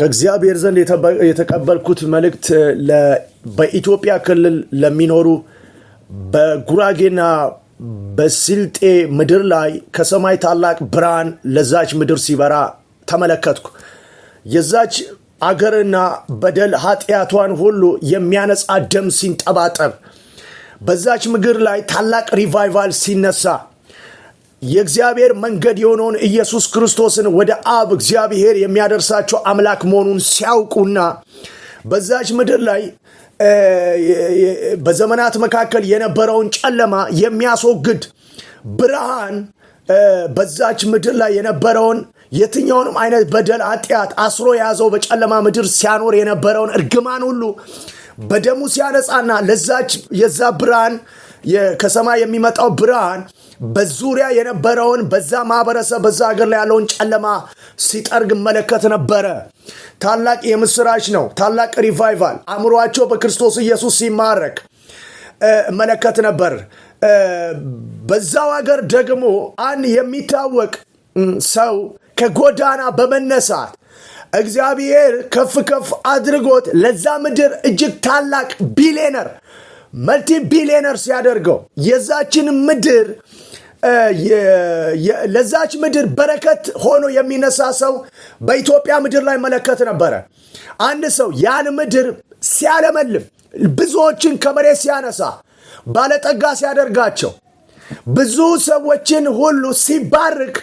ከእግዚአብሔር ዘንድ የተቀበልኩት መልእክት በኢትዮጵያ ክልል ለሚኖሩ በጉራጌና በስልጤ ምድር ላይ ከሰማይ ታላቅ ብርሃን ለዛች ምድር ሲበራ ተመለከትኩ። የዛች አገርና በደል ኃጢአቷን ሁሉ የሚያነጻ ደም ሲንጠባጠብ፣ በዛች ምድር ላይ ታላቅ ሪቫይቫል ሲነሳ የእግዚአብሔር መንገድ የሆነውን ኢየሱስ ክርስቶስን ወደ አብ እግዚአብሔር የሚያደርሳቸው አምላክ መሆኑን ሲያውቁና በዛች ምድር ላይ በዘመናት መካከል የነበረውን ጨለማ የሚያስወግድ ብርሃን በዛች ምድር ላይ የነበረውን የትኛውንም አይነት በደል፣ ኃጢአት አስሮ የያዘው በጨለማ ምድር ሲያኖር የነበረውን እርግማን ሁሉ በደሙ ሲያነጻና ለዛች የዛ ብርሃን ከሰማይ የሚመጣው ብርሃን በዙሪያ የነበረውን በዛ ማህበረሰብ በዛ ሀገር ላይ ያለውን ጨለማ ሲጠርግ መለከት ነበረ። ታላቅ የምስራች ነው። ታላቅ ሪቫይቫል አእምሯቸው በክርስቶስ ኢየሱስ ሲማረክ መለከት ነበር። በዛው ሀገር ደግሞ አንድ የሚታወቅ ሰው ከጎዳና በመነሳት እግዚአብሔር ከፍ ከፍ አድርጎት ለዛ ምድር እጅግ ታላቅ ቢሊየነር መልቲ ቢሊየነር ሲያደርገው የዛችን ምድር ለዛች ምድር በረከት ሆኖ የሚነሳ ሰው በኢትዮጵያ ምድር ላይ መለከት ነበረ። አንድ ሰው ያን ምድር ሲያለመልም፣ ብዙዎችን ከመሬት ሲያነሳ፣ ባለጠጋ ሲያደርጋቸው፣ ብዙ ሰዎችን ሁሉ ሲባርክ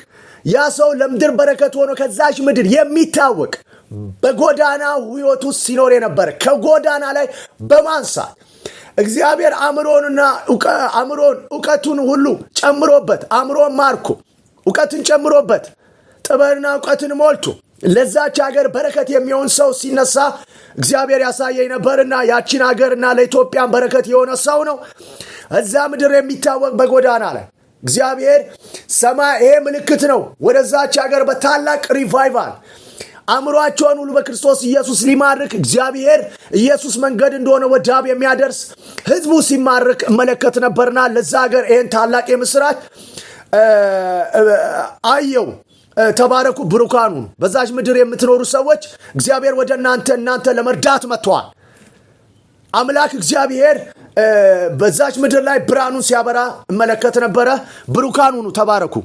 ያ ሰው ለምድር በረከት ሆኖ ከዛች ምድር የሚታወቅ በጎዳና ሕይወቱ ሲኖር የነበረ ከጎዳና ላይ በማንሳት እግዚአብሔር አእምሮንና አእምሮን እውቀቱን ሁሉ ጨምሮበት አእምሮን ማርኩ እውቀትን ጨምሮበት ጥበብና እውቀትን ሞልቱ ለዛች ሀገር በረከት የሚሆን ሰው ሲነሳ እግዚአብሔር ያሳየኝ ነበርና ያቺን ሀገርና ለኢትዮጵያን በረከት የሆነ ሰው ነው። እዛ ምድር የሚታወቅ በጎዳና ላይ እግዚአብሔር ሰማ ይሄ ምልክት ነው። ወደዛች ሀገር በታላቅ ሪቫይቫል አእምሯቸውን ሁሉ በክርስቶስ ኢየሱስ ሊማርክ እግዚአብሔር ኢየሱስ መንገድ እንደሆነ ወዳብ የሚያደርስ ህዝቡ ሲማርክ እመለከት ነበርና ለዛ ሀገር ይህን ታላቅ የምስራች አየው። ተባረኩ ብሩካኑ። በዛች ምድር የምትኖሩ ሰዎች እግዚአብሔር ወደ እናንተ እናንተ ለመርዳት መጥተዋል። አምላክ እግዚአብሔር በዛች ምድር ላይ ብርሃኑን ሲያበራ እመለከት ነበረ። ብሩካኑኑ ተባረኩ።